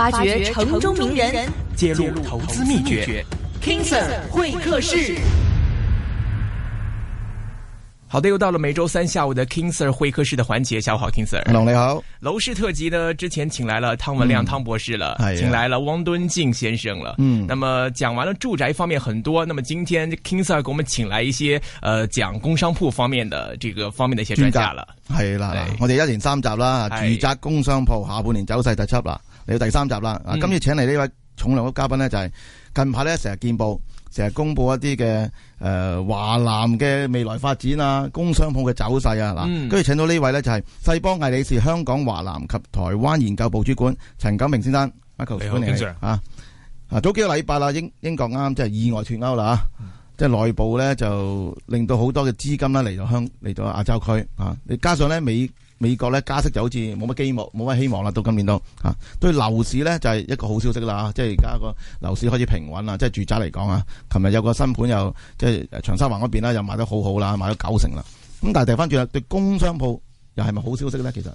發掘城中名人，人揭露投資秘訣。King Sir 會客室，好的，又到了每周三下午的 King Sir 會客室的環節。下午好，King Sir。龍你好。樓市特輯呢，之前請來了湯文亮、嗯、湯博士了，的請來了汪敦靖先生了。嗯，那麼講完了住宅方面很多，那麼今天 King Sir 給我們請來一些呃講工商鋪方面的這個方面的一些專家了。係啦對，我哋一連三集啦，的住宅、工商鋪下半年走勢特輯啦。嚟到第三集啦！啊，今次請嚟呢位重量級嘉賓呢，就係近排咧成日見報，成日公布一啲嘅誒華南嘅未來發展啊，工商鋪嘅走勢啊，嗱、嗯，跟住請到呢位呢，就係世邦魏理仕、香港華南及台灣研究部主管陳錦平先生。嗯、i Michael , c 你好，經常嚇。是 Sir 啊，早幾個禮拜啦，英英國啱啱即係意外脱歐啦、啊，嗯、即係內部咧就令到好多嘅資金咧嚟到香嚟到亞洲區啊，你加上咧美美國咧加息就好似冇乜希望，冇乜希望啦。到今年都嚇，對樓市咧就係一個好消息啦。即係而家個樓市開始平穩啦，即係住宅嚟講啊。琴日有個新盤又即係長沙灣嗰邊啦，又賣得好好啦，賣咗九成啦。咁但係掉翻轉啦，對工商鋪又係咪好消息咧？其實？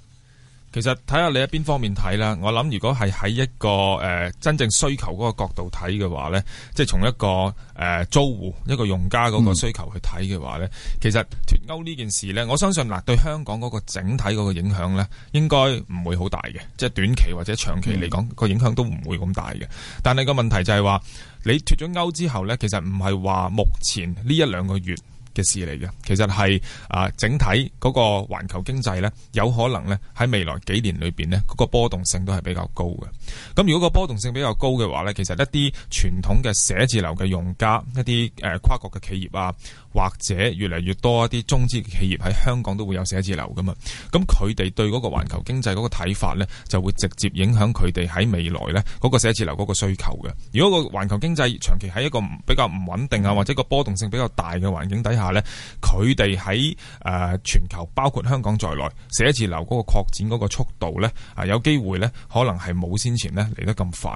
其實睇下你喺邊方面睇啦，我諗如果係喺一個誒、呃、真正需求嗰個角度睇嘅話呢，即係從一個誒、呃、租戶一個用家嗰個需求去睇嘅話呢、嗯、其實脫歐呢件事呢，我相信嗱對香港嗰個整體嗰個影響呢，應該唔會好大嘅，即係短期或者長期嚟講，個影響都唔會咁大嘅。但係個問題就係話，你脫咗歐之後呢，其實唔係話目前呢一兩個月嘅事嚟嘅，其實係啊、呃，整體嗰個環球經濟呢，有可能呢喺未來幾年裏邊呢，嗰、嗰個波動性都係比較高嘅。咁如果個波動性比較高嘅話呢，其實一啲傳統嘅寫字樓嘅用家，一啲誒、呃、跨國嘅企業啊，或者越嚟越多一啲中資企業喺香港都會有寫字樓噶嘛，咁佢哋對嗰個環球經濟嗰個睇法咧，就會直接影響佢哋喺未來咧嗰、嗰個寫字樓嗰個需求嘅。如果個環球經濟長期喺一個比較唔穩定啊，或者個波動性比較大嘅環境底下咧，佢哋喺誒全球包括香港在內寫字樓嗰個擴展嗰個速度咧啊，有機會咧可能係冇先前咧嚟得咁快。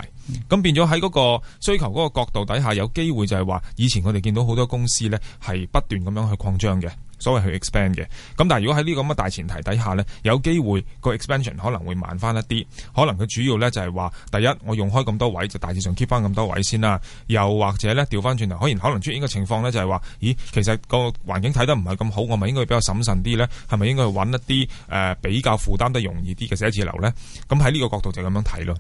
咁、嗯、變咗喺嗰個需求嗰個角度底下，有機會就係話以前我哋見到好多公司咧係。是不斷咁樣去擴張嘅，所謂去 expand 嘅。咁但係如果喺呢個咁嘅大前提底下呢，有機會個 expansion 可能會慢翻一啲。可能佢主要呢就係話，第一我用開咁多位就大致上 keep 翻咁多位先啦。又或者呢，調翻轉頭，可能可能出現個情況呢，就係話，咦，其實個環境睇得唔係咁好，我咪應該比較審慎啲呢？係咪應該去揾一啲誒、呃、比較負擔得容易啲嘅寫字樓呢？咁喺呢個角度就咁樣睇咯。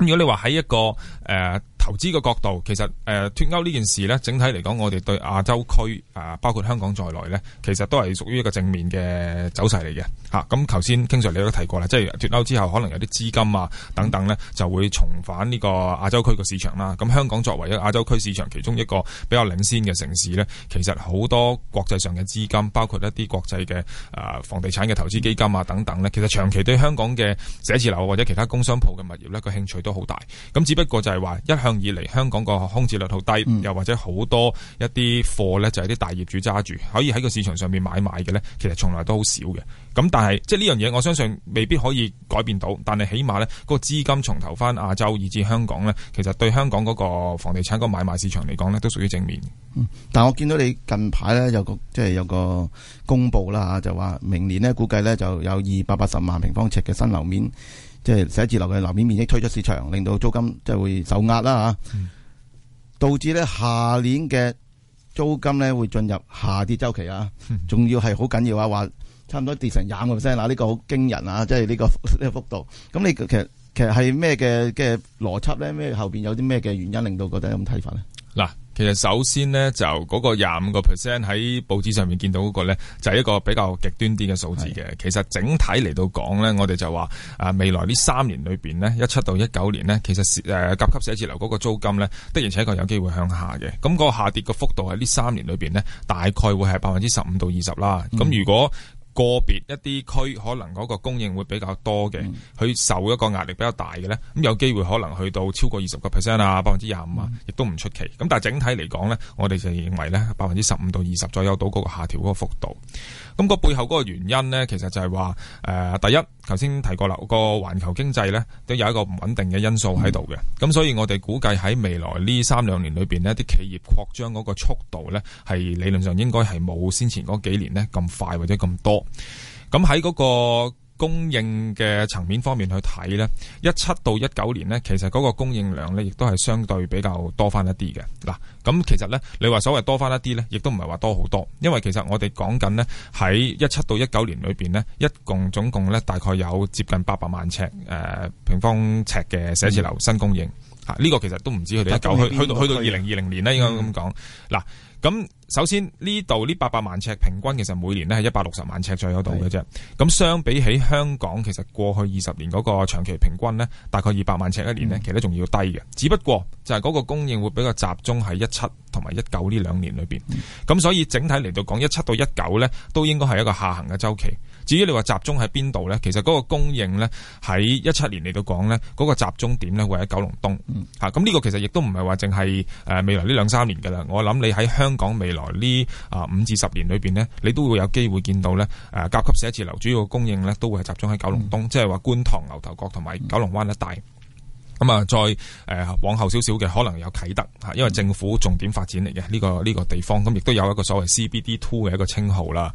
如果你話喺一個誒、呃、投資嘅角度，其實誒、呃、脫歐呢件事咧，整體嚟講，我哋對亞洲區啊、呃，包括香港在內咧，其實都係屬於一個正面嘅走勢嚟嘅吓，咁頭先 King Sir 你都提過啦，即係脫歐之後可能有啲資金啊等等咧，就會重返呢個亞洲區嘅市場啦。咁、啊嗯、香港作為一個亞洲區市場其中一個比較領先嘅城市咧，其實好多國際上嘅資金，包括一啲國際嘅啊、呃、房地產嘅投資基金啊等等咧，其實長期對香港嘅寫字樓或者其他工商鋪嘅物業咧個興趣都～都好大，咁只不過就係話一向以嚟，香港個空置率好低，嗯、又或者好多一啲貨呢，就係、是、啲大業主揸住，可以喺個市場上面買賣嘅呢，其實從來都好少嘅。咁但係即係呢樣嘢，我相信未必可以改變到，但係起碼呢個資金重投翻亞洲以至香港呢，其實對香港嗰個房地產個買賣市場嚟講呢，都屬於正面。嗯、但我見到你近排呢，有個即係、就是、有個公布啦吓，就話明年呢，估計呢就有二百八十萬平方尺嘅新樓面。即係寫字樓嘅樓面面積推出市場，令到租金即係會受壓啦吓，啊嗯、導致咧下年嘅租金咧會進入下跌周期啊。仲、啊嗯、要係好緊要啊，話差唔多跌成廿個 percent，啊。呢個好驚人啊！即係呢個呢個幅度，咁你其實其實係咩嘅嘅邏輯咧？咩後邊有啲咩嘅原因令到覺得咁睇法咧？嗱。其實首先呢，就嗰個廿五個 percent 喺報紙上面見到嗰個呢，就係、是、一個比較極端啲嘅數字嘅。是的 其實整體嚟到講呢，我哋就話啊，未來呢三年裏邊呢，一七到一九年呢，其實誒甲、啊、級寫字樓嗰個租金呢的而且確有機會向下嘅。咁、那個下跌嘅幅度喺呢三年裏邊呢，大概會係百分之十五到二十啦。咁、嗯、如果個別一啲區可能嗰個供應會比較多嘅，佢受一個壓力比較大嘅呢，咁有機會可能去到超過二十個 percent 啊，百分之廿五啊，亦都唔出奇。咁但係整體嚟講呢，我哋就認為呢，百分之十五到二十左右都嗰個下調嗰個幅度。咁個背後嗰個原因咧，其實就係話，誒第一，頭先提過啦，個環球經濟咧都有一個唔穩定嘅因素喺度嘅，咁所以我哋估計喺未來呢三兩年裏邊咧，啲企業擴張嗰個速度咧，係理論上應該係冇先前嗰幾年咧咁快或者咁多，咁喺嗰個。供應嘅層面方面去睇呢，一七到一九年呢，其實嗰個供應量呢，亦都係相對比較多翻一啲嘅。嗱，咁其實呢，你話所謂多翻一啲呢，亦都唔係話多好多，因為其實我哋講緊呢，喺一七到一九年裏邊呢，一共總共呢，大概有接近八百萬尺誒、呃、平方尺嘅寫字樓新供應。吓、嗯、呢個其實都唔知佢哋一九去到去到二零二零年呢，應該咁講嗱。嗯嗯咁首先呢度呢八百萬尺平均，其實每年呢係一百六十萬尺左右度嘅啫。咁是的 相比起香港，其實過去二十年嗰個長期平均呢，大概二百萬尺一年呢，其實都仲要低嘅。嗯、只不過就係嗰個供應會比較集中喺一七同埋一九呢兩年裏邊。咁、嗯、所以整體嚟到講，一七到一九呢都應該係一個下行嘅周期。至於你話集中喺邊度呢？其實嗰個供應呢，喺一七年嚟到講呢，嗰個集中點呢會喺九龍東嚇。咁呢、嗯、個其實亦都唔係話淨係誒未來呢兩三年噶啦。我諗你喺香港未來呢啊五至十年裏邊呢，你都會有機會見到呢，誒甲級寫字樓主要嘅供應呢都會係集中喺九龍東，嗯、即係話觀塘、牛頭角同埋九龍灣一帶。咁啊，再誒往後少少嘅可能有啟德嚇，因為政府重點發展嚟嘅呢個呢個地方，咁亦都有一個所謂 CBD Two 嘅一個稱號啦。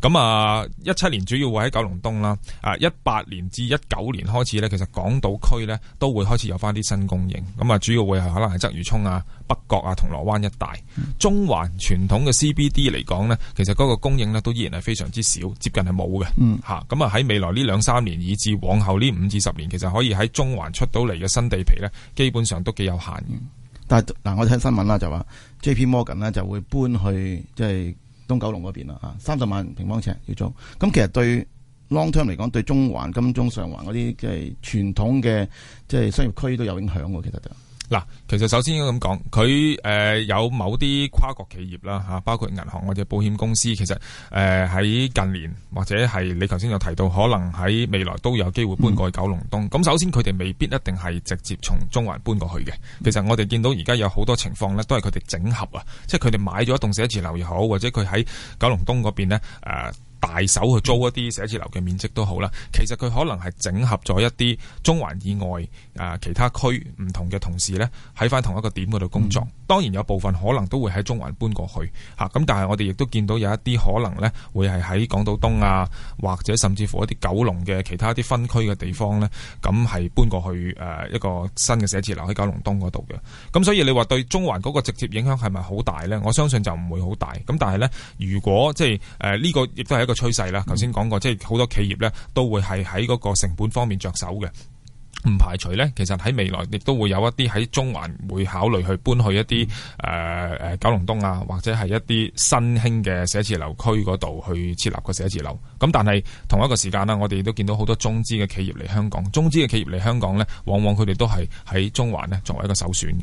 咁啊，一七年主要會喺九龍東啦，啊一八年至一九年開始呢，其實港島區呢都會開始有翻啲新供應。咁啊，主要會係可能係鰂魚涌啊、北角啊、銅鑼灣一帶。嗯、中環傳統嘅 C B D 嚟講呢，其實嗰個供應呢都依然係非常之少，接近係冇嘅。嗯，吓咁啊，喺未來呢兩三年以至往後呢五至十年，其實可以喺中環出到嚟嘅新地皮呢，基本上都幾有限嘅，嗯。但係嗱，我聽新聞啦，就話 J P Morgan 呢就會搬去即係。就是東九龍嗰邊啦，吓，三十萬平方尺要租，咁其實對 long term 嚟講，對中環、金鐘、上環嗰啲即係傳統嘅即係商業區都有影響嘅，其實就。嗱，其實首先應該咁講，佢誒有某啲跨國企業啦，嚇，包括銀行或者保險公司，其實誒喺近年或者係你頭先有提到，可能喺未來都有機會搬過去九龍東。咁、嗯、首先佢哋未必一定係直接從中環搬過去嘅。其實我哋見到而家有好多情況呢都係佢哋整合啊，即係佢哋買咗一棟寫字樓又好，或者佢喺九龍東嗰邊呢。呃大手去租一啲寫字樓嘅面積都好啦，其實佢可能係整合咗一啲中環以外、呃、其他區唔同嘅同事呢，喺翻同一個點嗰度工作。嗯、當然有部分可能都會喺中環搬過去吓，啊、但係我哋亦都見到有一啲可能呢，會係喺港島東啊，嗯、或者甚至乎一啲九龍嘅其他啲分區嘅地方呢，咁、嗯、係搬過去、呃、一個新嘅寫字樓喺九龍東嗰度嘅。咁、啊、所以你話對中環嗰個直接影響係咪好大呢？我相信就唔會好大。咁、啊、但係呢，如果即係呢、呃、這個亦都係個趨勢啦，頭先講過，即係好多企業呢都會係喺嗰個成本方面着手嘅，唔排除呢，其實喺未來亦都會有一啲喺中環會考慮去搬去一啲誒誒九龍東啊，或者係一啲新興嘅寫字樓區嗰度去設立個寫字樓。咁但係同一個時間啦，我哋都見到好多中資嘅企業嚟香港，中資嘅企業嚟香港呢，往往佢哋都係喺中環呢作為一個首選嘅。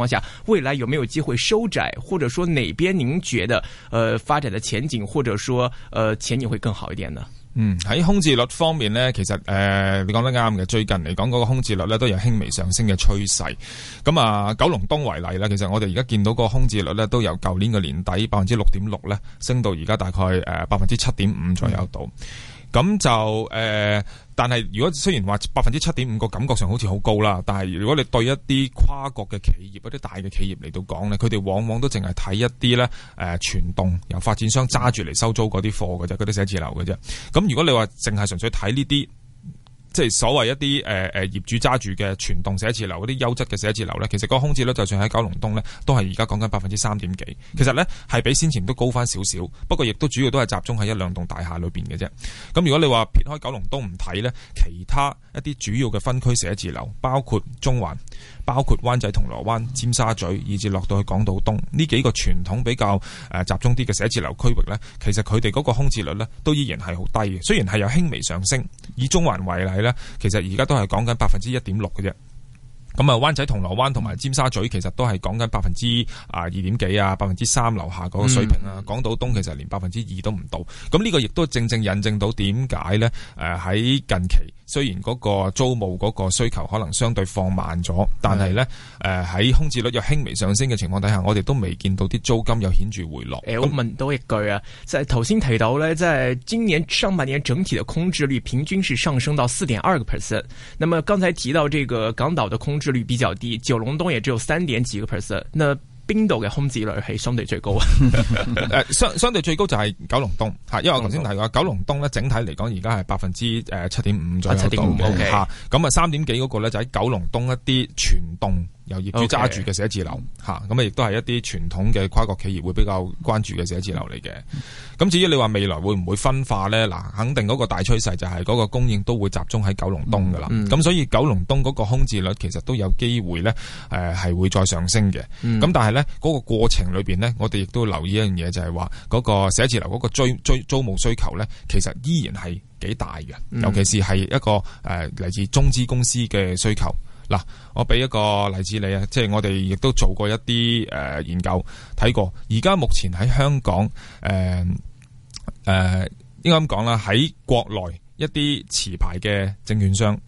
況下，未來有沒有機會收窄，或者說哪邊您覺得，呃，發展的前景，或者說，呃，前景會更好一點呢？嗯，喺空置率方面呢，其實，誒，呃，你講得啱嘅，最近嚟講嗰個空置率呢都有輕微上升嘅趨勢。咁啊，九龍東為例啦，其實我哋而家見到個空置率呢都由舊年嘅年底百分之六點六咧，升到而家大概誒百分之七點五左右度。嗯嗯。咁就誒、呃，但係如果雖然話百分之七點五個感覺上好似好高啦，但係如果你對一啲跨國嘅企業、一啲大嘅企業嚟到講咧，佢哋往往都淨係睇一啲咧誒，全棟由發展商揸住嚟收租嗰啲貨嘅啫，嗰啲寫字樓嘅啫。咁如果你話淨係純粹睇呢啲。即係所謂一啲誒誒業主揸住嘅全幢寫字樓，嗰啲優質嘅寫字樓呢，其實個空置率就算喺九龍東呢，都係而家講緊百分之三點幾。其實呢，係比先前都高翻少少，不過亦都主要都係集中喺一兩棟大廈裏邊嘅啫。咁如果你話撇開九龍東唔睇呢，其他一啲主要嘅分區寫字樓，包括中環。包括灣仔銅鑼灣、尖沙咀，以至落到去港島東呢幾個傳統比較誒集中啲嘅寫字樓區域呢，其實佢哋嗰個空置率呢都依然係好低嘅，雖然係有輕微上升。以中環為例呢，其實現在是在而家都係講緊百分之一點六嘅啫。咁啊，灣仔銅鑼灣同埋尖沙咀其實都係講緊百分之啊二點幾啊，百分之三樓下嗰個水平啊。嗯、港島東其實連百分之二都唔到。咁呢個亦都正正印證到點解呢？誒喺近期，雖然嗰個租務嗰個需求可能相對放慢咗，但係呢，誒喺空置率又輕微上升嘅情況底下，我哋都未見到啲租金有顯著回落。欸、我問多一句啊，即係頭先提到咧，即係今年上半年整體嘅空置率平均是上升到四點二個 percent。那麼剛才提到這個港島嘅空置率比較低，九龍東也只有三點幾個 percent。那邊度嘅空置率係相對最高？ 誒，相相對最高就係九龍東吓，因為我頭先提過、嗯、九龍東咧，整體嚟講而家係百分之誒七點五左右，七點五 ok 吓，咁啊三點幾嗰個咧就喺九龍東一啲全棟。由業主揸住嘅寫字樓，咁啊，亦都係一啲傳統嘅跨國企業會比較關注嘅寫字樓嚟嘅。咁、mm hmm. 至於你話未來會唔會分化呢？嗱，肯定嗰個大趨勢就係嗰個供應都會集中喺九龍東噶啦。咁、mm hmm. 所以九龍東嗰個空置率其實都有機會呢誒係會再上升嘅。咁、mm hmm. 但係呢，嗰個過程裏邊呢，我哋亦都留意一樣嘢，就係話嗰個寫字樓嗰個追追租務需求呢，其實依然係幾大嘅，mm hmm. 尤其是係一個誒嚟自中資公司嘅需求。嗱，我俾一個例子你啊，即係我哋亦都做過一啲研究，睇過。而家目前喺香港誒誒、呃呃、應該咁講啦，喺國內一啲持牌嘅證券商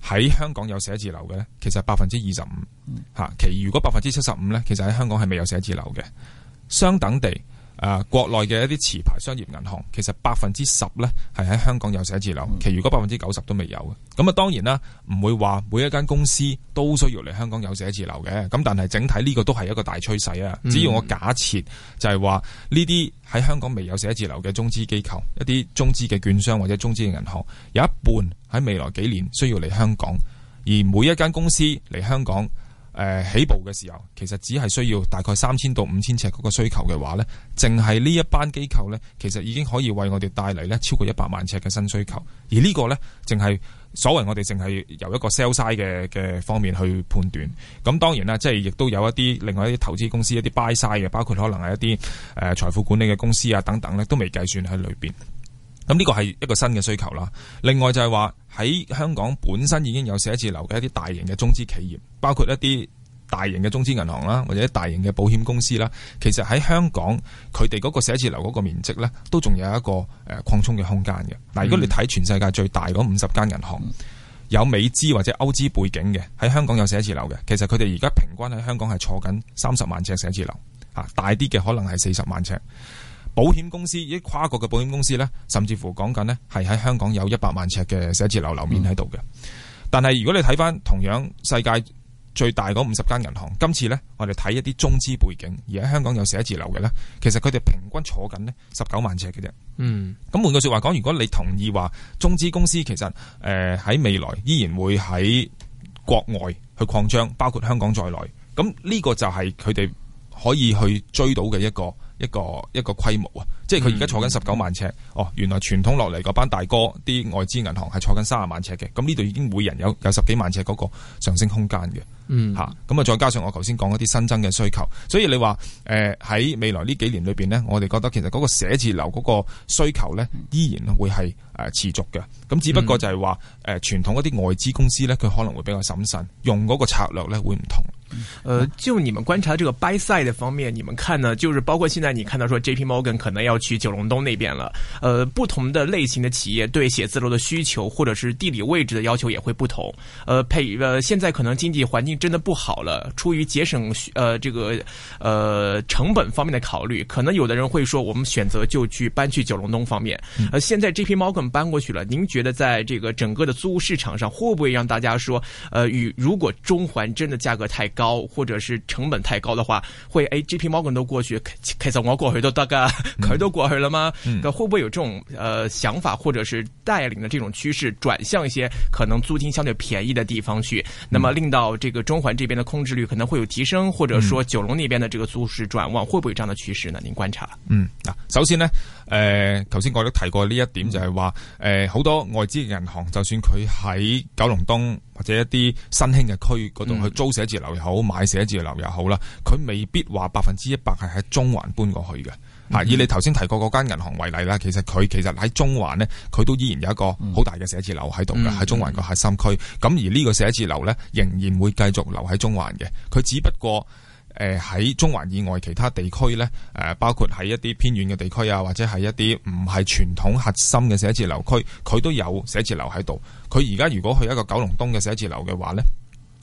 喺香港有寫字樓嘅，其實百分之二十五嚇，其餘如果百分之七十五咧，其實喺香港係未有寫字樓嘅，相等地。誒國內嘅一啲持牌商業銀行，其實百分之十呢係喺香港有寫字樓，其餘嗰百分之九十都未有嘅。咁啊，當然啦，唔會話每一間公司都需要嚟香港有寫字樓嘅。咁但係整體呢個都係一個大趨勢啊。只要我假設就係話，呢啲喺香港未有寫字樓嘅中資機構、一啲中資嘅券商或者中資嘅銀行，有一半喺未來幾年需要嚟香港，而每一間公司嚟香港。誒，起步嘅時候，其實只係需要大概三千到五千尺嗰個需求嘅話呢，淨係呢一班機構呢，其實已經可以為我哋帶嚟呢超過一百萬尺嘅新需求。而呢個呢，淨係所謂我哋淨係由一個 sell side 嘅嘅方面去判斷。咁當然啦，即係亦都有一啲另外一啲投資公司，一啲 buy side 嘅，包括可能係一啲誒財富管理嘅公司啊等等呢，都未計算喺裏面。咁呢個係一個新嘅需求啦。另外就係話喺香港本身已經有寫字樓嘅一啲大型嘅中資企業，包括一啲大型嘅中資銀行啦，或者大型嘅保險公司啦。其實喺香港佢哋嗰個寫字樓嗰個面積呢，都仲有一個誒擴充嘅空間嘅。嗱，如果你睇全世界最大嗰五十間銀行，有美資或者歐資背景嘅喺香港有寫字樓嘅，其實佢哋而家平均喺香港係坐緊三十萬呎寫字樓，大啲嘅可能係四十萬呎。保險公司，一啲跨國嘅保險公司呢，甚至乎講緊呢，係喺香港有一百萬尺嘅寫字樓樓面喺度嘅。嗯、但係如果你睇翻同樣世界最大嗰五十間銀行，今次呢，我哋睇一啲中資背景而喺香港有寫字樓嘅呢，其實佢哋平均坐緊呢十九萬尺嘅啫。嗯，咁換句説話講，如果你同意話中資公司其實誒喺未來依然會喺國外去擴張，包括香港在內，咁呢個就係佢哋可以去追到嘅一個。一個一個規模啊，即係佢而家坐緊十九萬尺，嗯嗯、哦，原來傳統落嚟嗰班大哥啲外資銀行係坐緊三十萬尺嘅，咁呢度已經每人有有十幾萬尺嗰個上升空間嘅，吓、嗯，咁啊再加上我頭先講嗰啲新增嘅需求，所以你話誒喺未來呢幾年裏邊呢，我哋覺得其實嗰個寫字樓嗰個需求呢依然會係誒、呃、持續嘅，咁只不過就係話誒傳統一啲外資公司呢，佢可能會比較審慎，用嗰個策略呢會唔同。呃，就你們觀察這個 buy side 的方面，你們看呢？就是包括現在你看到說 JP Morgan 可能要去九龍東那邊了。呃，不同的類型的企業對寫字樓的需求或者是地理位置的要求也會不同。呃，配呃，現在可能經濟環境真的不好了，出於節省呃這個呃成本方面的考慮，可能有的人會說我們選擇就去搬去九龍東方面。呃，現在 JP Morgan 搬過去了，您覺得在這個整個的租屋市場上會不會讓大家說，呃，與如果中環真的價格太高？高，或者是成本太高的話，會哎，這批貓根都過去，開開早光過去都大概，殼、嗯、都過去了嗎？那、嗯、會不會有這種呃想法，或者是帶領的這種趨勢轉向一些可能租金相對便宜的地方去？嗯、那麼令到這個中環這邊的空置率可能會有提升，嗯、或者說九龍那邊的這個租市轉旺，會不會有這樣的趨勢呢？您觀察，嗯啊，首先呢。誒，頭先、呃、我都提過呢一點就，就係話誒，好多外資銀行，就算佢喺九龍東或者一啲新興嘅區嗰度去租寫字樓又好，買寫字樓又好啦，佢未必話百分之一百係喺中環搬過去嘅吓。以、嗯、你頭先提過嗰間銀行為例啦，其實佢其實喺中環呢，佢都依然有一個好大嘅寫字樓喺度嘅，喺中環個核心區。咁而呢個寫字樓呢，仍然會繼續留喺中環嘅，佢只不過。誒喺、呃、中環以外其他地區呢、呃、包括喺一啲偏遠嘅地區啊，或者係一啲唔係傳統核心嘅寫字樓區，佢都有寫字樓喺度。佢而家如果去一個九龍東嘅寫字樓嘅話呢。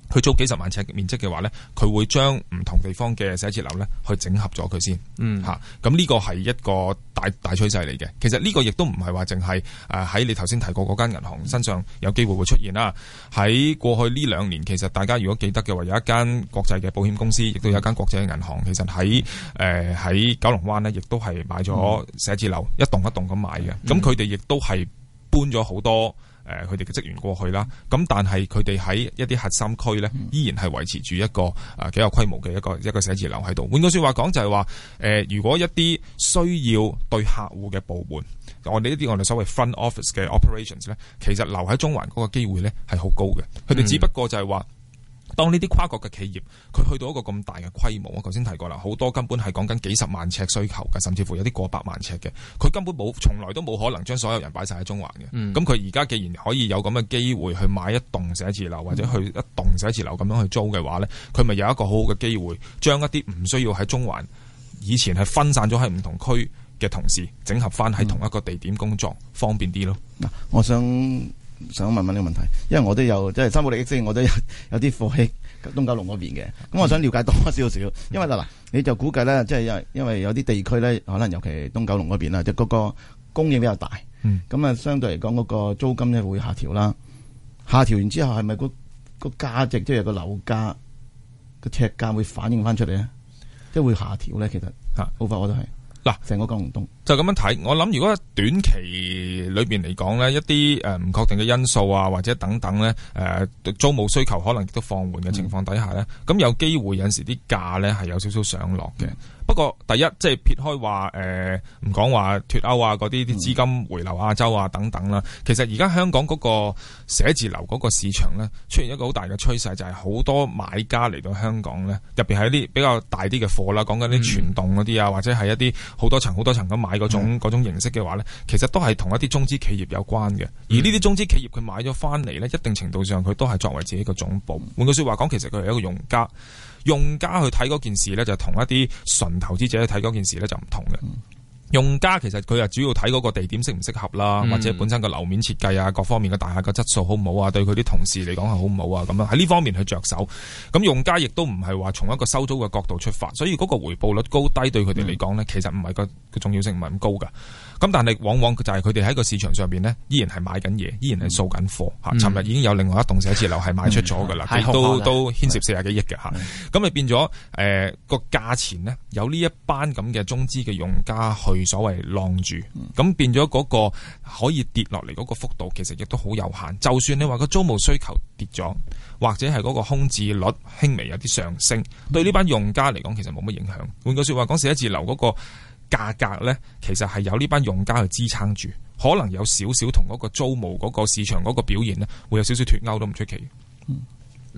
佢租幾十萬尺面積嘅話呢，佢會將唔同地方嘅寫字樓呢去整合咗佢先。嗯，吓，咁呢個係一個大大趨勢嚟嘅。其實呢個亦都唔係話淨係誒喺你頭先提過嗰間銀行身上有機會會出現啦。喺過去呢兩年，其實大家如果記得嘅話，有一間國際嘅保險公司，亦都、嗯、有一間國際嘅銀行，其實喺誒喺九龍灣呢，亦都係買咗寫字樓一棟一棟咁買嘅。咁佢哋亦都係搬咗好多。誒佢哋嘅職員過去啦，咁但係佢哋喺一啲核心區呢，依然係維持住一個誒幾有規模嘅一個一個寫字樓喺度。換句説話講就係話，誒如果一啲需要對客戶嘅部門，我哋呢啲我哋所謂 front office 嘅 operations 呢，其實留喺中環嗰個機會咧係好高嘅。佢哋只不過就係話。當呢啲跨國嘅企業佢去到一個咁大嘅規模，我頭先提過啦，好多根本係講緊幾十萬尺需求嘅，甚至乎有啲過百萬尺嘅，佢根本冇，從來都冇可能將所有人擺晒喺中環嘅。咁佢而家既然可以有咁嘅機會去買一棟寫字樓，或者去一棟寫字樓咁樣去租嘅話呢，佢咪有一個好好嘅機會，將一啲唔需要喺中環，以前係分散咗喺唔同區嘅同事，整合翻喺同一個地點工作，方便啲咯。我想。想問問呢個問題，因為我都有即係三浦利益先，我都有啲貨喺東九龍嗰邊嘅，咁我想了解多少少，因為嗱嗱，嗯、你就估計咧，即係因因為有啲地區咧，可能尤其東九龍嗰邊啦，即係嗰個供應比較大，咁啊、嗯，相對嚟講嗰個租金咧會下調啦，下調完之後係咪、嗰個個價值即係、即係、個樓價個尺價會反映翻出嚟咧，即係會下調咧？其實、啊，好快我就係。成個九龍東就咁樣睇，我諗如果短期裏邊嚟講咧，一啲誒唔確定嘅因素啊，或者等等咧，誒租務需求可能亦都放緩嘅情況底下咧，咁、嗯、有機會有陣時啲價咧係有少少上落嘅。不過，第一即係撇開話誒，唔講話脱歐啊，嗰啲啲資金回流、啊、亞洲啊等等啦、啊。其實而家香港嗰個寫字樓嗰個市場呢，出現一個好大嘅趨勢，就係、係、好多買家嚟到香港呢，入邊係啲比較大啲嘅貨啦，講緊啲全棟嗰啲啊，或者係一啲好多層好多層咁買嗰種,、嗯、種形式嘅話呢，其實都係同一啲中資企業有關嘅。而呢啲中資企業佢買咗翻嚟呢，一定程度上佢都係作為自己一個總部。換句説話講，其實佢係一個用家。用家去睇嗰件事呢，就同一啲純投資者去睇嗰件事呢，就唔同嘅。嗯用家其實佢啊主要睇嗰個地點適唔適合啦，嗯、或者本身個樓面設計啊，各方面嘅大廈個質素好唔好啊，對佢啲同事嚟講係好唔好啊，咁樣喺呢方面去着手。咁用家亦都唔係話從一個收租嘅角度出發，所以嗰個回報率高低對佢哋嚟講呢，嗯、其實唔係個重要性唔係咁高㗎。咁但係往往就係佢哋喺個市場上面呢，依然係買緊嘢，依然係掃緊貨。尋日、嗯、已經有另外一棟寫字樓係賣出咗㗎啦，嗯、都對都牽涉四廿幾億嘅嚇。咁咪對、嗯、變咗個、呃、價錢呢，有呢一班咁嘅中資嘅用家去。所謂浪住，咁變咗嗰個可以跌落嚟嗰個幅度，其實亦都好有限。就算你話個租務需求跌咗，或者係嗰個空置率輕微有啲上升，對呢班用家嚟講，其實冇乜影響。換句說話，講寫字樓嗰個價格呢，其實係有呢班用家去支撐住，可能有少少同嗰個租務嗰個市場嗰個表現呢，會有少少脫鈎都唔出奇。嗯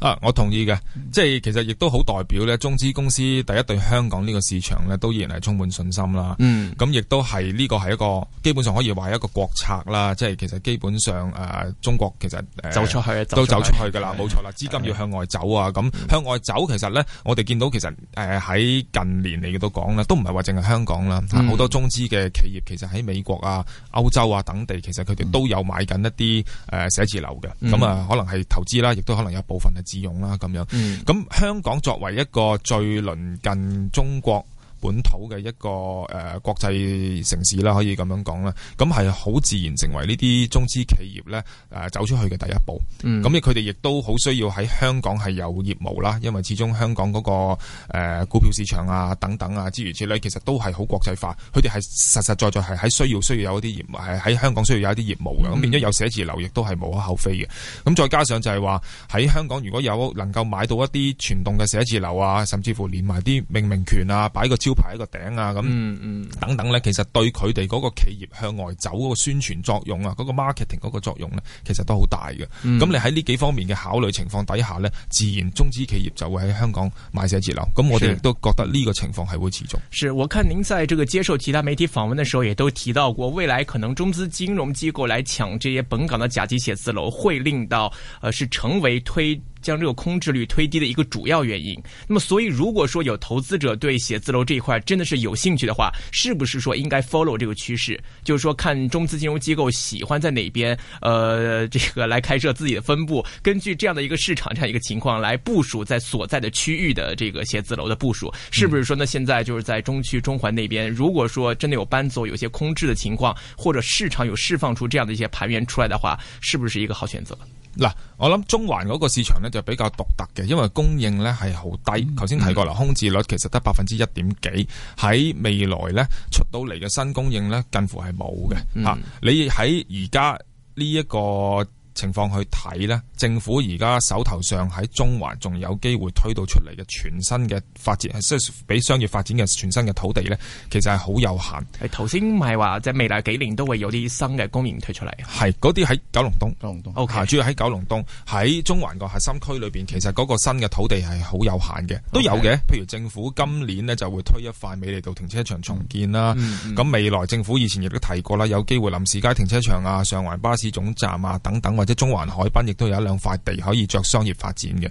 啊，我同意嘅，即係其實亦都好代表咧，中資公司第一對香港呢個市場咧，都依然係充滿信心啦。嗯，咁亦都係呢、這個係一個基本上可以話係一個國策啦。即係其實基本上誒、呃，中國其實、呃、走出去，走出去都走出去噶啦，冇錯啦，資金要向外走啊。咁向外走，其實咧，我哋見到其實誒喺、呃、近年嚟嘅都講啦，都唔係話淨係香港啦，好、嗯、多中資嘅企業其實喺美國啊、歐洲啊等地，其實佢哋都有買緊一啲誒寫字樓嘅。咁、嗯、啊，可能係投資啦，亦都可能有一部分係。自用啦，咁樣，咁、嗯、香港作為一個最鄰近中國本土嘅一個誒、呃、國際城市啦，可以咁樣講啦，咁係好自然成為呢啲中資企業咧誒、呃、走出去嘅第一步。咁亦佢哋亦都好需要喺香港係有業務啦，因為始終香港嗰、那個誒、呃、股票市場啊、等等啊諸如此類，其實都係好國際化。佢哋係實實在在係喺需要需要有一啲業務，喺香港需要有一啲業務嘅。咁、嗯、變咗有寫字樓亦都係無可厚非嘅。咁再加上就係話喺香港如果有能夠買到一啲全棟嘅寫字樓啊，甚至乎連埋啲命名權啊，擺個。招牌一個頂啊，咁等等呢，其實對佢哋嗰個企業向外走嗰個宣傳作用啊，嗰、嗰個 marketing 嗰個作用呢，其實都好大嘅。咁、嗯、你喺呢幾方面嘅考慮情況底下呢，自然中資企業就會喺香港買寫字樓。咁我哋亦都覺得呢個情況係會持續是。是我看您在這個接受其他媒體訪問的時候，也都提到過，未來可能中資金融機構來搶這些本港的甲級寫字樓，會令到，呃，是成為推。將這個空置率推低的一個主要原因。那麼，所以如果說有投資者對寫字樓這一塊真的是有興趣的話，是不是說應該 follow 這個趨勢？就是說，看中資金融機構喜歡在哪邊，呃，這個來開設自己的分部，根據這樣的一個市場這樣一個情況來部署在所在的區域的這個寫字樓的部署，是不是說呢？現在就是在中區、中環那邊，如果說真的有搬走、有些空置的情況，或者市場有釋放出這樣的一些盤源出來的話，是不是一個好選擇？嗱，我諗中環嗰個市場呢就比較獨特嘅，因為供應呢係好低。頭先、嗯、提過啦，空置率其實得百分之一點幾，喺未來呢，出到嚟嘅新供應呢近乎係冇嘅。嗯、你喺而家呢一個情況去睇呢，政府而家手頭上喺中環仲有機會推到出嚟嘅全新嘅發展，即係俾商業發展嘅全新嘅土地呢，其實係好有限。頭先咪話即係未來幾年都會有啲新嘅供應推出嚟，係嗰啲喺九龍東，九龍東，OK，主要喺九龍東。喺中環個核心區裏邊，其實嗰個新嘅土地係好有限嘅，都有嘅。Okay. 譬如政府今年呢，就會推一塊美利道停車場重建啦，咁、嗯嗯、未來政府以前亦都提過啦，有機會林士街停車場啊、上環巴士總站啊等等即中環海濱，亦都有一兩塊地可以着商業發展嘅，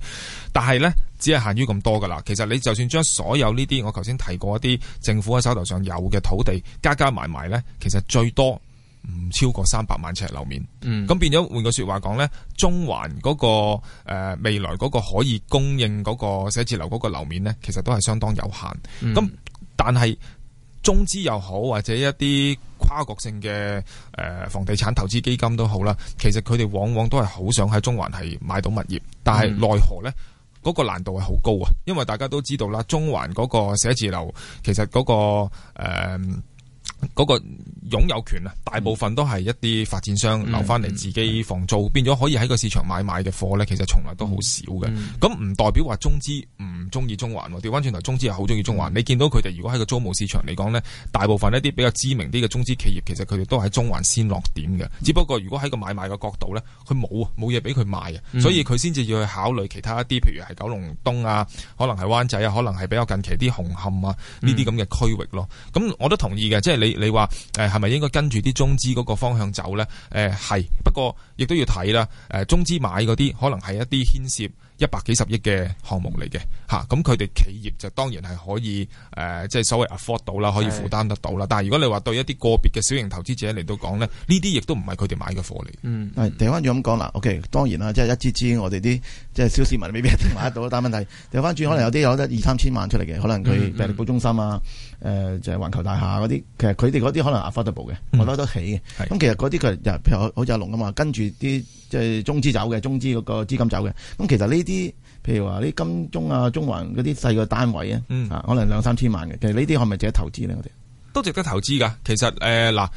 但係呢，只係限於咁多噶啦。其實你就算將所有呢啲我頭先提過一啲政府喺手頭上有嘅土地加加埋埋呢，其實最多唔超過三百萬尺樓面。嗯，咁變咗換句說話講呢，中環嗰個、那個誒、呃、未來嗰個可以供應嗰個寫字樓嗰個樓面呢，其實都係相當有限。咁、嗯、但係。中資又好，或者一啲跨國性嘅、呃、房地產投資基金都好啦，其實佢哋往往都係好想喺中環係買到物業，但係奈何呢，嗰個難度係好高啊。因為大家都知道啦，中環嗰個寫字樓其實嗰個、呃嗰個擁有權啊，大部分都係一啲發展商、嗯、留翻嚟自己房租，嗯嗯、變咗可以喺個市場買賣嘅貨呢，其實從來都好少嘅。咁唔、嗯、代表話中資唔中意中環，調翻轉頭中資係好中意中環。你見到佢哋如果喺個租務市場嚟講呢，大部分一啲比較知名啲嘅中資企業，其實佢哋都喺中環先落點嘅。嗯、只不過如果喺個買賣嘅角度呢，佢冇啊，冇嘢俾佢賣啊，嗯、所以佢先至要去考慮其他一啲，譬如係九龍東啊，可能係灣仔啊，可能係比較近期啲紅磡啊呢啲咁嘅區域咯。咁我都同意嘅，即係你。你話誒係咪應該跟住啲中資嗰個方向走咧？誒係，不過亦都要睇啦。誒，中資買嗰啲可能係一啲牽涉。一百幾十億嘅項目嚟嘅，嚇咁佢哋企業就當然係可以誒、呃，即係所謂 afford 到啦，可以負擔得到啦。是的 但係如果你話對一啲個別嘅小型投資者嚟到講咧，呢啲亦都唔係佢哋買嘅貨嚟、嗯嗯。嗯，係掉翻轉咁講啦。OK，當然啦，即係一支支我哋啲即係小市民未必一定買得到問題，但係掉翻轉可能有啲有得二三千萬出嚟嘅，可能佢譬如力寶中心啊，誒、嗯呃、就係、是、環球大廈嗰啲，其實佢哋嗰啲可能 affordable 嘅，嗯、我攞得都起嘅。咁是的 其實嗰啲佢又譬如好似阿龍啊嘛，跟住啲。即係中資走嘅，中資嗰個資金走嘅。咁其實呢啲，譬如話啲金鐘啊、中環嗰啲細嘅單位啊，嗯、可能兩三千萬嘅。其實呢啲係咪值得投資咧？我哋都值得投資㗎。其實嗱、呃，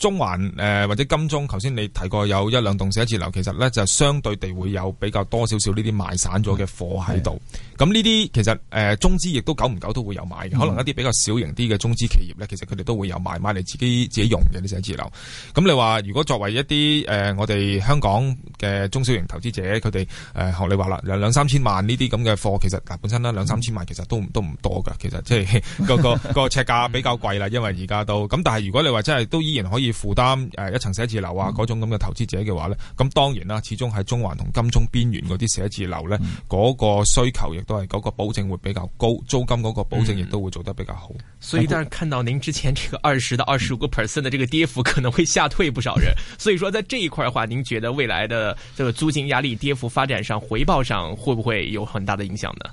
中環、呃、或者金鐘，頭先你提過有一兩棟寫字樓，其實咧就相對地會有比較多少少呢啲賣散咗嘅貨喺度。咁呢啲其實誒中資亦都久唔久都會有買嘅。可能一啲比較小型啲嘅中資企業咧，其實佢哋都會有買買嚟自己自己用嘅啲寫字樓。咁你話如果作為一啲誒、呃、我哋香港嘅中小型投資者，佢哋誒學你話啦，兩三千萬呢啲咁嘅貨，其實嗱本身啦兩三千萬其實都都唔多嘅，其實即係、嗰個個個尺價比較貴啦， 因為而家都咁。但係如果你話真係都依然可以負擔誒一層寫字樓啊嗰、嗯、種咁嘅投資者嘅話咧，咁當然啦，始終喺中環同金鐘邊緣嗰啲寫字樓咧，嗰、嗯、個需求亦～都係嗰個保證會比較高，租金嗰個保證亦都會做得比較好。嗯、所以，但係看到您之前這個二十到二十五個 percent 的這個跌幅，可能會嚇退不少人。嗯、所以說，在這一塊嘅話，您覺得未來的這個租金壓力、跌幅發展上、回報上，會不會有很大的影響呢？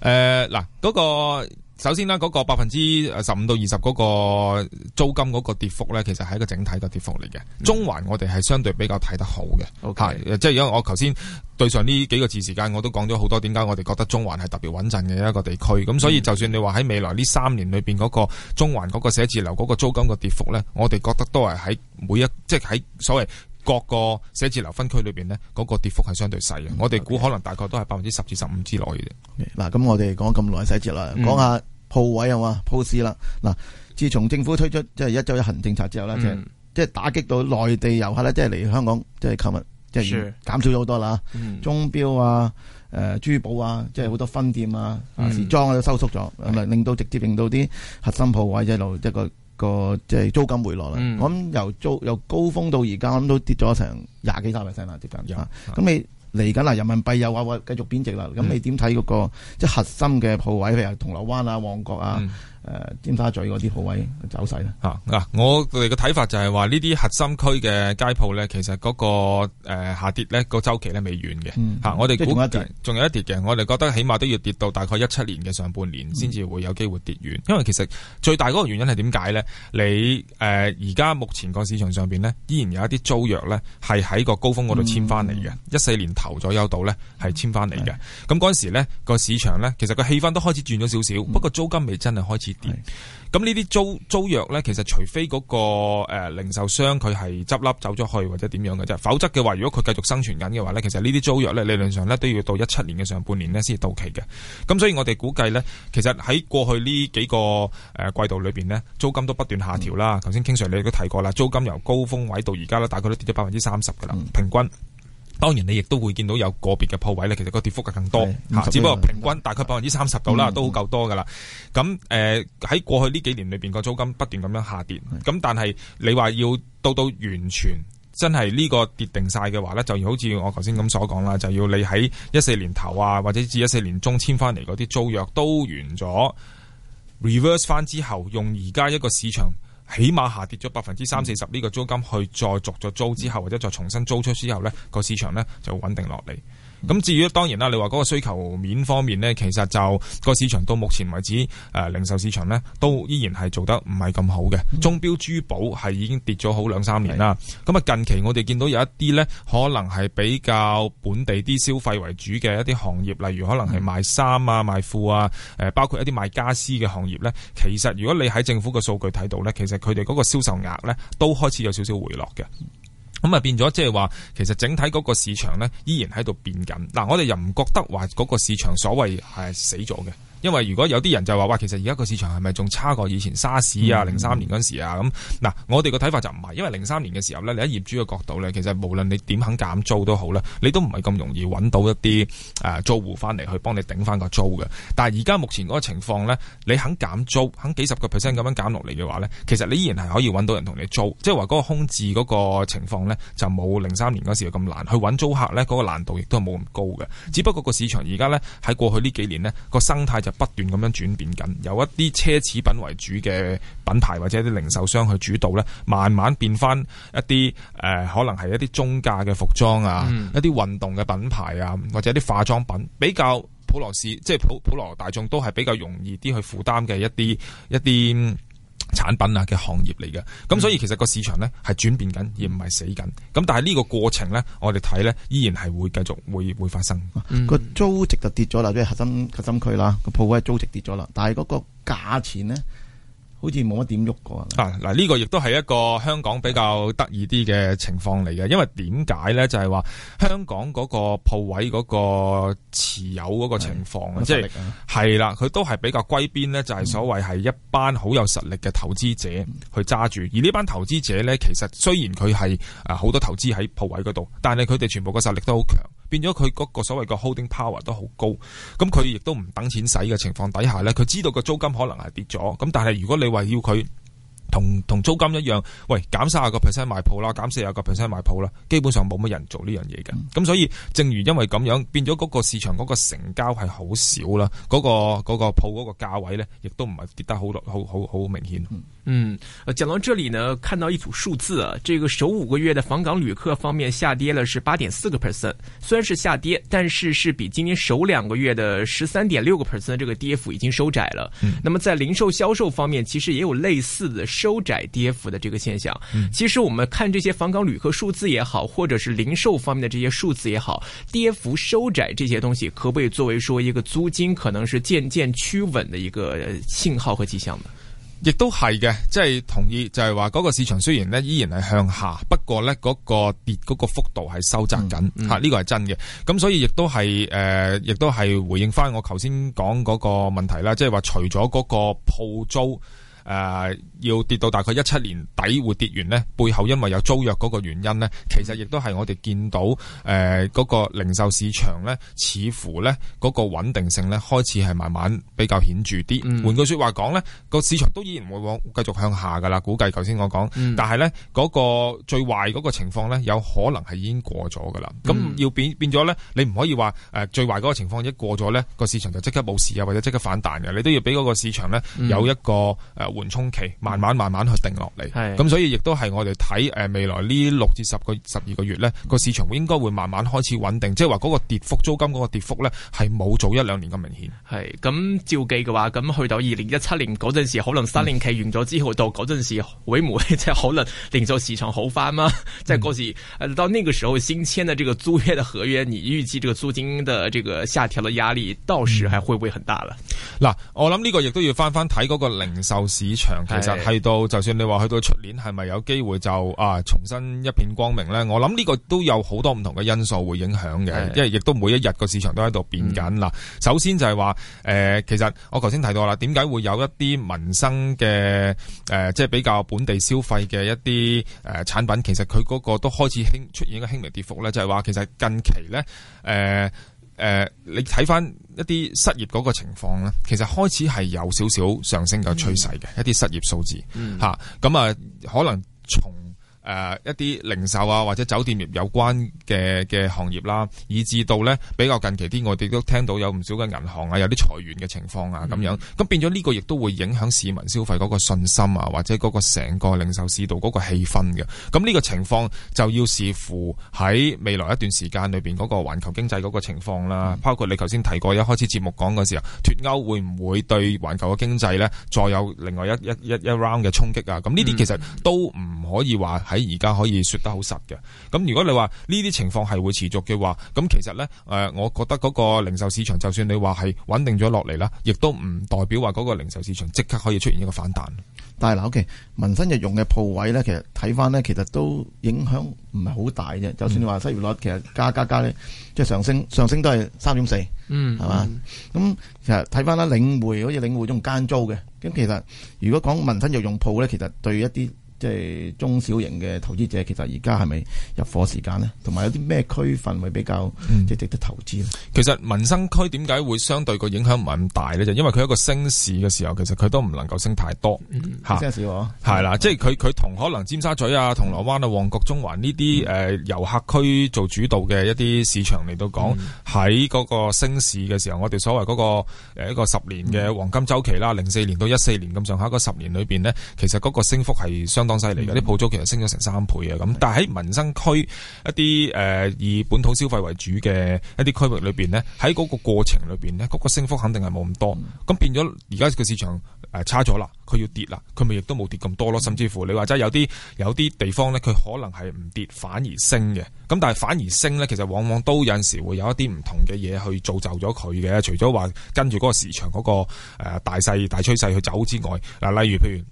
呃，嗱，嗰個。首先啦，嗰個百分之誒十五到二十嗰個租金嗰個跌幅呢，其實係一個整體嘅跌幅嚟嘅。中環我哋係相對比較睇得好嘅，Okay，即係因為我頭先對上呢幾個字時間，我都講咗好多點解我哋覺得中環係特別穩陣嘅一個地區。咁所以就算你話喺未來呢三年裏邊嗰個中環嗰個寫字樓嗰個租金個跌幅呢，我哋覺得都係喺每一即係喺所謂。各個寫字樓分區裏邊咧，嗰、那個跌幅係相對細嘅。嗯、我哋估可能大概都係百分之十至十五之內嘅啫。嗱，咁我哋講咁耐寫字樓，嗯、講下鋪位啊嘛，鋪市啦。嗱，自從政府推出即係一周一行政策之後咧，即係即係打擊到內地遊客咧，即係嚟香港，即係購物，即、就、係、是、減少咗好多啦。鐘錶是、嗯、啊，誒、呃、珠寶啊，即係好多分店啊，時裝啊都收縮咗，令到、嗯嗯、直接令到啲核心鋪位一路、就是、一個。個即係租金回落啦，咁、嗯、由租由高峰到而家，咁都跌咗成廿幾三 percent 啦，跌緊嘅。咁、嗯、你嚟緊啊，人民幣又話話繼續貶值啦，咁、嗯、你點睇嗰個即係核心嘅鋪位，譬如銅鑼灣啊、旺角啊？嗯誒、呃，尖沙咀嗰啲鋪位走勢啦。吓嗱、啊，我哋嘅睇法就係話呢啲核心區嘅街鋪咧，其實嗰、那個誒、呃、下跌咧個周期咧未完嘅吓、嗯啊，我哋估計仲有一跌嘅，我哋覺得起碼都要跌到大概一七年嘅上半年先至、嗯、會有機會跌完，因為其實最大嗰個原因係點解咧？你誒而家目前個市場上邊咧，依然有一啲租約咧係喺個高峰嗰度簽翻嚟嘅，一四、嗯、年頭左右度咧係簽翻嚟嘅，咁嗰的、嗯、時咧個市場咧其實個氣氛都開始轉咗少少，嗯、不過租金未真係開始。咁呢啲租租約呢，其實除非嗰、那個誒、呃、零售商佢係執笠走咗去或者點樣嘅啫，否則嘅話，如果佢繼續生存緊嘅話呢，其實呢啲租約呢，理論上呢，都要到一七年嘅上半年呢先至到期嘅。咁所以我哋估計呢，其實喺過去呢幾個誒季度裏邊呢，租金都不斷下調啦。頭先 King Sir 你都提過啦，租金由高峰位到而家呢，大概都跌咗百分之三十噶啦，平均。當然你亦都會見到有個別嘅鋪位咧，其實個跌幅更多是只不過平均大概百分之三十到啦，嗯嗯、都好夠多噶啦。咁誒喺過去呢幾年裏邊個租金不斷咁樣下跌，咁、嗯、但係你話要到到完全真係呢個跌定晒嘅話，呢就好似我頭先咁所講啦，就要你喺一四年頭啊，或者至一四年中簽翻嚟嗰啲租約都完咗，reverse 翻之後，用而家一個市場。起碼下跌咗百分之三四十呢個租金，去再續咗租之後，或者再重新租出之後，呢個市場呢就會穩定落嚟。咁至於當然啦，你話嗰個需求面方面呢，其實就個市場到目前為止，誒、呃、零售市場呢，都依然係做得唔係咁好嘅。嗯、鐘錶珠寶係已經跌咗好兩三年啦。咁啊、嗯、近期我哋見到有一啲呢，可能係比較本地啲消費為主嘅一啲行業，例如可能係賣衫啊、賣褲啊，包括一啲賣家私嘅行業呢。其實如果你喺政府嘅數據睇到呢，其實佢哋嗰個銷售額呢，都開始有少少回落嘅。咁啊，就變咗即係話，其實整體嗰個市場咧，依然喺度變緊。嗱，我哋又唔覺得話嗰個市場所謂係死咗嘅。因為如果有啲人就話，哇，其實而家個市場係咪仲差過以前沙士啊、零三年嗰時啊咁？嗱，我哋個睇法就唔係，因為零三年嘅時候呢，你喺業主嘅角度呢，其實無論你點肯減租都好啦，你都唔係咁容易揾到一啲誒、呃、租戶翻嚟去幫你頂翻個租嘅。但係而家目前嗰個情況呢，你肯減租，肯幾十個 percent 咁樣減落嚟嘅話呢，其實你依然係可以揾到人同你租，即係話嗰個空置嗰個情況呢，就冇零三年嗰時咁難，去揾租客呢，嗰、嗰個難度亦都係冇咁高嘅。只不過個市場而家呢，喺過去呢幾年呢，個生態就不斷咁樣轉變緊，由一啲奢侈品為主嘅品牌或者一啲零售商去主導呢，慢慢變翻一啲誒、呃，可能係一啲中價嘅服裝啊，嗯、一啲運動嘅品牌啊，或者一啲化妝品，比較普羅士，即係普普羅大眾都係比較容易啲去負擔嘅一啲一啲。產品啊嘅行業嚟嘅，咁所以其實個市場咧係轉變緊，而唔係死緊。咁但係呢個過程咧，我哋睇咧依然係會繼續會會發生。個、嗯、租值就跌咗啦，即係核心核心區啦，個鋪位租值跌咗啦，但係嗰個價錢咧。好似冇乜點喐過啊！嗱，呢個亦都係一個香港比較得意啲嘅情況嚟嘅，因為點解呢？就係、是、話香港嗰個鋪位嗰個持有嗰個情況啊，即係係啦，佢、就是、的都係比較歸邊呢，就係所謂係一班好有實力嘅投資者去揸住，嗯、而呢班投資者呢，其實雖然佢係啊好多投資喺鋪位嗰度，但係佢哋全部嘅實力都好強。變咗佢嗰個所謂嘅 holding power 都好高，咁佢亦都唔等錢使嘅情況底下呢，佢知道個租金可能係跌咗，咁但係如果你話要佢，同同租金一樣，喂，減三十個 percent 賣鋪啦，減四十個 percent 賣鋪啦，基本上冇乜人做呢樣嘢嘅。咁、嗯、所以，正如因為咁樣，變咗嗰個市場嗰個成交係好少啦，嗰、那個嗰、那個鋪嗰個價位呢，亦都唔係跌得好好好明顯。嗯，講到這裡呢，看到一組數字啊，這個首五個月的訪港旅客方面下跌了是八點四個 percent，雖然是下跌，但是是比今年首兩個月的十三點六個 percent 的這個跌幅已經收窄了。嗯，那麼在零售銷售方面，其實也有類似的。收窄跌幅的這個現象，其實我們看這些訪港旅客數字也好，或者是零售方面的這些數字也好，跌幅收窄這些東西，可不可以作為說一個租金可能是漸漸趨穩的一個信號和跡象呢？亦都係嘅，即、就、係、是、同意，就係話嗰個市場雖然咧依然係向下，不過咧、嗰個跌嗰個幅度係收窄緊，吓呢、嗯、個係真嘅。咁所以亦都係誒，亦、呃、都係回應翻我頭先講嗰個問題啦，即係話除咗嗰個鋪租。誒、呃，要跌到大概一七年底會跌完呢？背後因為有租約嗰個原因呢，其實亦都係我哋見到誒嗰、呃嗰個零售市場呢，似乎呢嗰個穩定性呢，開始係慢慢比較顯著啲。換、嗯、句話說話講呢，個市場都依然會往繼續向下噶啦，估計頭先我講，嗯、但係呢嗰、嗰個最壞嗰個情況呢，有可能係已經過咗噶啦。咁、嗯、要變變咗呢，你唔可以話誒、呃、最壞嗰個情況一過咗呢，市個市場就即刻冇事啊，或者即刻反彈嘅，你都要俾嗰個市場呢，有一個誒。嗯緩衝期慢慢慢慢去定落嚟，咁是所以亦都係我哋睇誒未來呢六至十個十二個月咧個市場應該會慢慢開始穩定，即係話嗰個跌幅租金嗰個跌幅咧係冇早一兩年咁明顯。係咁照計嘅話，咁去到二零一七年嗰陣時，可能三年期完咗之後到嗰陣時會唔會即係可能零售市場好翻啊？即係嗰時、嗯、到呢個時候新簽嘅呢個租約嘅合約，你預計呢個租金嘅呢個下調嘅壓力到時係會唔會很大啦，嗱，我諗呢個亦都要翻翻睇嗰個零售。市場其實係到，是就算你話去到出年，係咪有機會就啊重新一片光明呢？我諗呢個都有好多唔同嘅因素會影響嘅，是因為亦都每一日個市場都喺度變緊。嗱、嗯，首先就係話、呃，其實我頭先提到啦，點解會有一啲民生嘅誒、呃，即係比較本地消費嘅一啲誒、呃、產品，其實佢嗰個都開始出現一個輕微跌幅呢？就係、是、話其實近期呢。誒、呃。誒、呃，你睇翻一啲失業嗰個情況咧，其實開始係有少少上升嘅趨勢嘅、嗯、一啲失業數字吓咁、嗯、啊可能從。誒、呃，一啲零售啊，或者酒店業有關嘅嘅行業啦，以至到咧比較近期啲，我哋都聽到有唔少嘅銀行啊，有啲裁員嘅情況啊，咁樣，咁變咗呢個亦都會影響市民消費嗰個信心啊，或者嗰個成個零售市道嗰個氣氛嘅。咁呢個情況就要視乎喺未來一段時間裏邊嗰個環球經濟嗰個情況啦，嗯、包括你頭先提過一開始節目講嘅時候，脫歐會唔會對環球嘅經濟咧再有另外一一一一,一,一 round 嘅衝擊啊？咁呢啲其實都唔可以話。喺而家可以説得好實嘅，咁如果你話呢啲情況係會持續嘅話，咁其實咧，誒、呃，我覺得嗰個零售市場，就算你話係穩定咗落嚟啦，亦都唔代表話嗰個零售市場即刻可以出現一個反彈。但係嗱，OK，民生日用嘅鋪位咧，其實睇翻咧，其實都影響唔係好大啫。就算你話失業率其實加加加咧，即係上升上升都係三點四，嗯，係嘛？咁其實睇翻咧，領匯好似領匯都用間租嘅，咁其實如果講民生日用鋪咧，其實對一啲。即係中小型嘅投資者，其實而家係咪入貨時間呢？同埋有啲咩區分會比較即值得投資咧、嗯？其實民生區點解會相對個影響唔係咁大呢？就因為佢一個升市嘅時候，其實佢都唔能夠升太多嚇。升少啊，係啦，即係佢佢同可能尖沙咀啊、銅鑼灣啊、旺角中環呢啲誒遊客區做主導嘅一啲市場嚟到講，喺嗰、嗯、個升市嘅時候，我哋所謂嗰、嗰個誒一個十年嘅黃金週期啦，零四、嗯、年到一四年咁上下嗰十年裏邊呢，其實嗰個升幅係相。東西嚟嘅，啲鋪租其實升咗成三倍啊！咁，但係喺民生區一啲誒、呃、以本土消費為主嘅一啲區域裏邊咧，喺嗰個過程裏邊咧，嗰、嗰個升幅肯定係冇咁多。咁變咗而家個市場誒差咗啦，佢要跌啦，佢咪亦都冇跌咁多咯。甚至乎你話齋有啲有啲地方咧，佢可能係唔跌反而升嘅。咁但係反而升咧，其實往往都有陣時會有一啲唔同嘅嘢去造就咗佢嘅。除咗話跟住嗰個市場嗰個誒大勢大趨勢去走之外，嗱，例如譬如。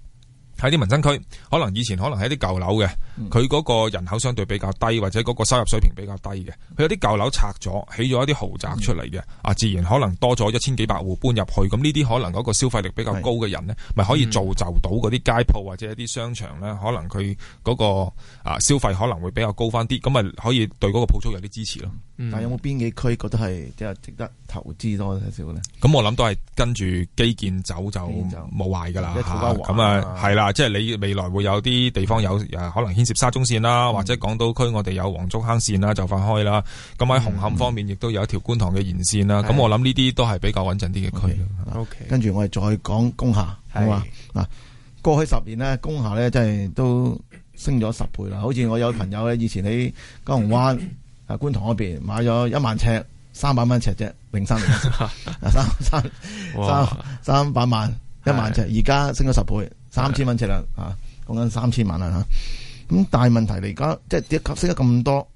喺啲民生區，可能以前可能係啲舊樓嘅，佢嗰、嗯、個人口相對比較低，或者嗰個收入水平比較低嘅，佢有啲舊樓拆咗，起咗一啲豪宅出嚟嘅，啊、嗯，自然可能多咗一千幾百戶搬入去，咁呢啲可能嗰個消費力比較高嘅人呢，咪是可以造就到嗰啲街鋪或者一啲商場呢，嗯、可能佢嗰個啊消費可能會比較高返啲，咁咪可以對嗰個鋪租有啲支持咯。但有冇邊幾區覺得係即係值得投資多少少咧？咁我諗都係跟住基建走就冇壞噶啦，咁啊，係啦，即係你未來會有啲地方有可能牽涉沙中線啦，或者港島區我哋有黃竹坑線啦，就快開啦。咁喺紅磡方面亦都有一條觀塘嘅沿線啦。咁我諗呢啲都係比較穩陣啲嘅區。O K，跟住我哋再講工廈係嘛？嗱，過去十年呢，工廈咧真係都升咗十倍啦。好似我有朋友咧，以前喺九龍灣。啊，觀塘嗰邊買咗一萬尺， 三百蚊尺啫，零哇三年，三三三三百萬，一萬尺，而家是升咗十倍，三千蚊尺啦，啊，講緊三千萬啦吓。咁大問題嚟，而家即係跌吸升得咁多，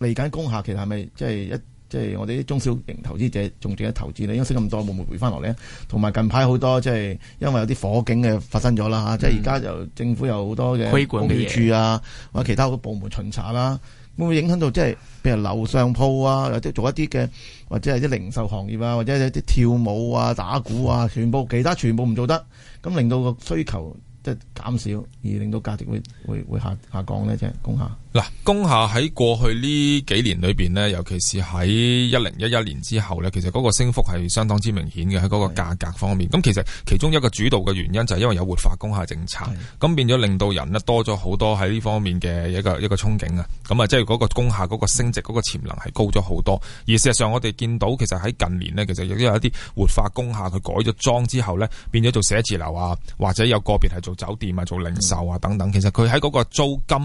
嚟緊工廈其實係咪即係一即係、就是、我哋啲中小型投資者仲值得投資呢？應該升咁多會唔會回翻落嚟同埋近排好多即係因為有啲火警嘅發生咗啦，吓、啊，嗯、即係而家又政府有好多嘅，規管嘅嘢啊，或者其他好多部門巡查啦、啊。會唔會影響到即係譬如樓上鋪啊，或者做一啲嘅或者係啲零售行業啊，或者啲跳舞啊、打鼓啊，全部其他全部唔做得，咁令到個需求即係減少，而令到價值會會會下降呢下降咧？即係工廈。嗱，工廈喺過去呢幾年裏邊呢，尤其是喺一零一一年之後呢，其實嗰個升幅係相當之明顯嘅喺嗰個價格方面。咁是的 其實其中一個主導嘅原因就係因為有活化工廈政策，咁是的 變咗令到人多咗好多喺呢方面嘅一個一個憧憬啊。咁啊，即係嗰個工廈嗰個升值嗰、嗰個潛能係高咗好多。而事實上，我哋見到其實喺近年呢，其實亦都有一啲活化工廈，佢改咗裝之後呢，變咗做寫字樓啊，或者有個別係做酒店啊、做零售啊等等。是的 其實佢喺嗰個租金。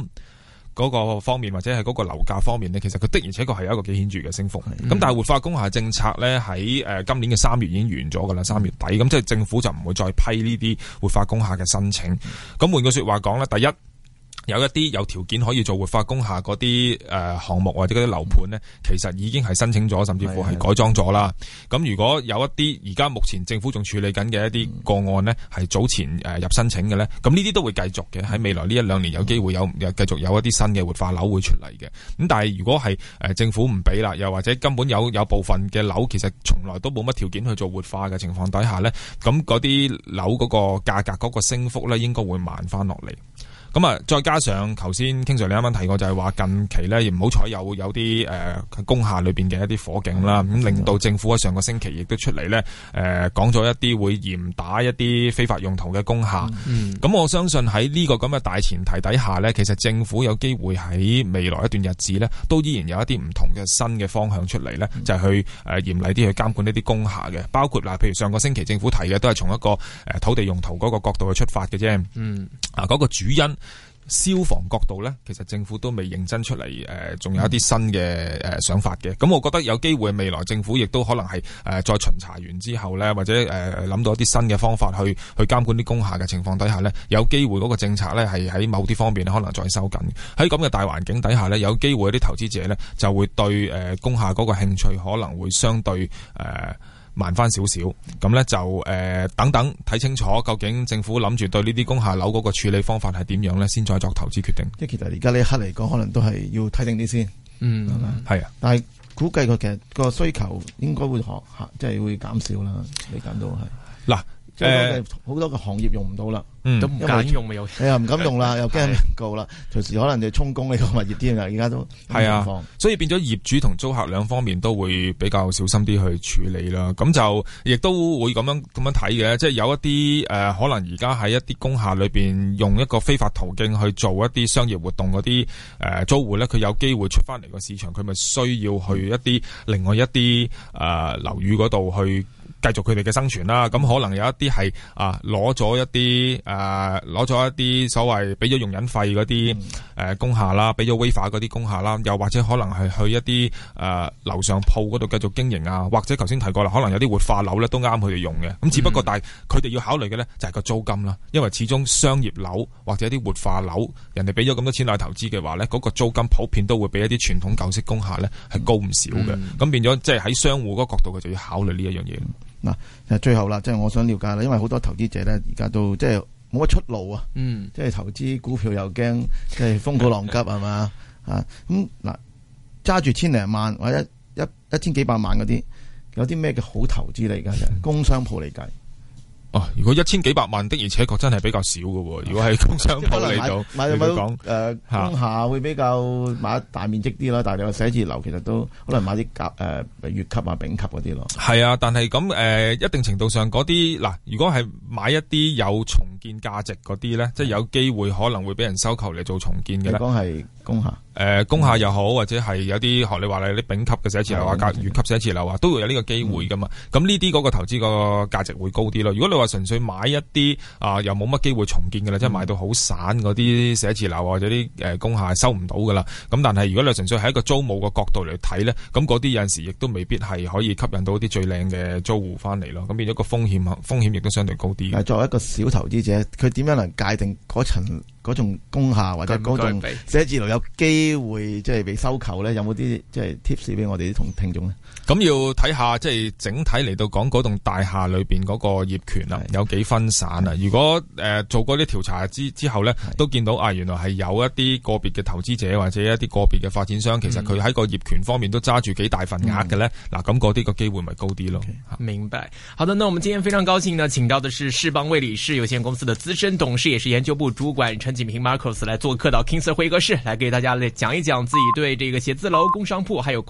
嗰個方面或者係嗰個樓價方面呢，其實佢的而且確係有一個幾顯著嘅升幅。咁的、嗯、但係活化工廈政策呢，喺誒今年嘅三月已經完咗㗎啦，三月底咁，即係政府就唔會再批呢啲活化工廈嘅申請。咁、嗯、換句説話講呢，第一。有一啲有條件可以做活化工廈嗰啲誒項目或者嗰啲樓盤咧，其實已經係申請咗，甚至乎係改裝咗啦。咁如果有一啲而家目前政府仲處理緊嘅一啲個案咧，係早前誒入申請嘅咧，咁呢啲都會繼續嘅。喺未來呢一兩年有機會有繼續有一啲新嘅活化樓會出嚟嘅。咁但係如果係誒政府唔俾啦，又或者根本有有部分嘅樓其實從來都冇乜條件去做活化嘅情況底下咧，咁嗰啲樓嗰個價格嗰個升幅咧，應該會慢翻落嚟。咁啊，再加上頭先 King Sir 你啱啱提過就係話近期呢，唔好彩有有啲誒工廈裏邊嘅一啲火警啦，咁令到政府喺上個星期亦都出嚟呢，誒講咗一啲會嚴打一啲非法用途嘅工廈。咁、嗯、我相信喺呢個咁嘅大前提底下呢，其實政府有機會喺未來一段日子呢，都依然有一啲唔同嘅新嘅方向出嚟呢，就係去誒嚴厲啲去監管呢啲工廈嘅，包括嗱，譬如上個星期政府提嘅都係從一個土地用途嗰個角度去出發嘅啫。嗯，啊嗰個主因。消防角度呢，其實政府都未認真出嚟，誒、呃，仲有一啲新嘅、呃嗯、想法嘅。咁我覺得有機會未來政府亦都可能係誒再巡查完之後呢，或者誒諗、呃、到一啲新嘅方法去去監管啲工廈嘅情況底下呢，有機會嗰個政策呢係喺某啲方面可能再收緊。喺咁嘅大環境底下呢，有機會啲投資者呢就會對誒、呃、工廈嗰個興趣可能會相對誒，呃慢翻少少，咁咧就誒、呃、等等睇清楚，究竟政府諗住對呢啲工廈樓嗰個處理方法係點樣咧，先再作投資決定。即其實而家呢一刻嚟講，可能都係要睇定啲先，嗯，係咪？係啊，但係估計個其實個需求應該會降，嗯、即係會減少啦，你揀到係嗱。好多個行業用唔到啦，都唔、嗯、敢用咪、嗯、又，唔敢用啦，的又驚人告啦，隨的時可能就充公呢個物業啲啦，而家都係啊，所以變咗業主同租客兩方面都會比較小心啲去處理啦。咁就亦都會咁樣咁樣睇嘅，即係有一啲誒、呃，可能而家喺一啲工廈裏邊用一個非法途徑去做一啲商業活動嗰啲誒租戶咧，佢有機會出翻嚟個市場，佢咪需要去一啲另外一啲誒樓宇嗰度去。繼續佢哋嘅生存啦，咁可能有一啲係啊，攞咗一啲誒，攞、啊、咗一啲所謂俾咗用人費嗰啲誒工廈啦，俾咗威化嗰啲工廈啦，又或者可能係去一啲誒、呃、樓上鋪嗰度繼續經營啊，或者頭先提過啦，可能有啲活化樓咧都啱佢哋用嘅，咁、嗯、只不過但係佢哋要考慮嘅呢就係個租金啦，因為始終商業樓或者一啲活化樓，人哋俾咗咁多錢去投資嘅話呢，嗰、那個租金普遍都會比一啲傳統舊式工廈呢係高唔少嘅，咁、嗯、變咗即係喺商戶嗰個角度佢就要考慮呢一樣嘢。.嗱，就最後啦，即係我想了解啦，因為好多投資者咧，而家都即係冇乜出路啊，嗯，即係投資股票又驚即係風高浪急係嘛，啊，咁嗱，揸住千零萬或者一一,一千幾百萬嗰啲，有啲咩嘅好投資嚟㗎？工 商鋪嚟計。哦，如果一千幾百萬的，而且確真係比較少㗎喎。如果係工商鋪嚟到，你講誒，冬、呃、會比較買大面積啲囉。 但係你話寫字樓其實都可能買啲甲誒乙級啊、呃、丙級嗰啲咯。係啊，但係咁誒，一定程度上嗰啲嗱，如果係買一啲有重建價值嗰啲咧，即係有機會可能會俾人收購嚟做重建嘅，講係工廈，誒、呃，工廈又好，或者係有啲學你話你啲丙級嘅寫字樓啊、甲、乙級寫字樓啊，都有會有呢個機會噶嘛。咁呢啲嗰個投資個價值會高啲咯。如果你話純粹買一啲啊、呃，又冇乜機會重建嘅啦，嗯、即係買到好散嗰啲寫字樓或者啲誒工廈收唔到噶啦。咁但係如果你純粹喺一個租務嘅角度嚟睇咧，咁嗰啲有陣時亦都未必係可以吸引到啲最靚嘅租戶翻嚟咯。咁變咗個風險風險亦都相對高啲。作為一個小投資者。誒，佢點樣能界定嗰層？嗰棟工廈或者嗰棟寫字樓有機會即係被收購咧，有冇啲即係 tips 俾我哋啲同聽眾呢？咁要睇下即係、就是、整體嚟到講嗰棟大廈裏邊嗰個業權啊，有幾分散啊？的如果誒、呃、做過啲調查之之後呢，的都見到啊，原來係有一啲個別嘅投資者或者一啲個別嘅發展商，其實佢喺個業權方面都揸住幾大份額嘅咧。嗱的，咁嗰啲個機會咪高啲咯？Okay, 明白。好的，那我們今天非常高興呢請到的是世邦魏理仕有限公司的資深董事，也是研究部主管陳錦平 Marcus 來做客到 King Sir 會客室，來給大家來講一講自己對這個寫字樓、工商鋪還有。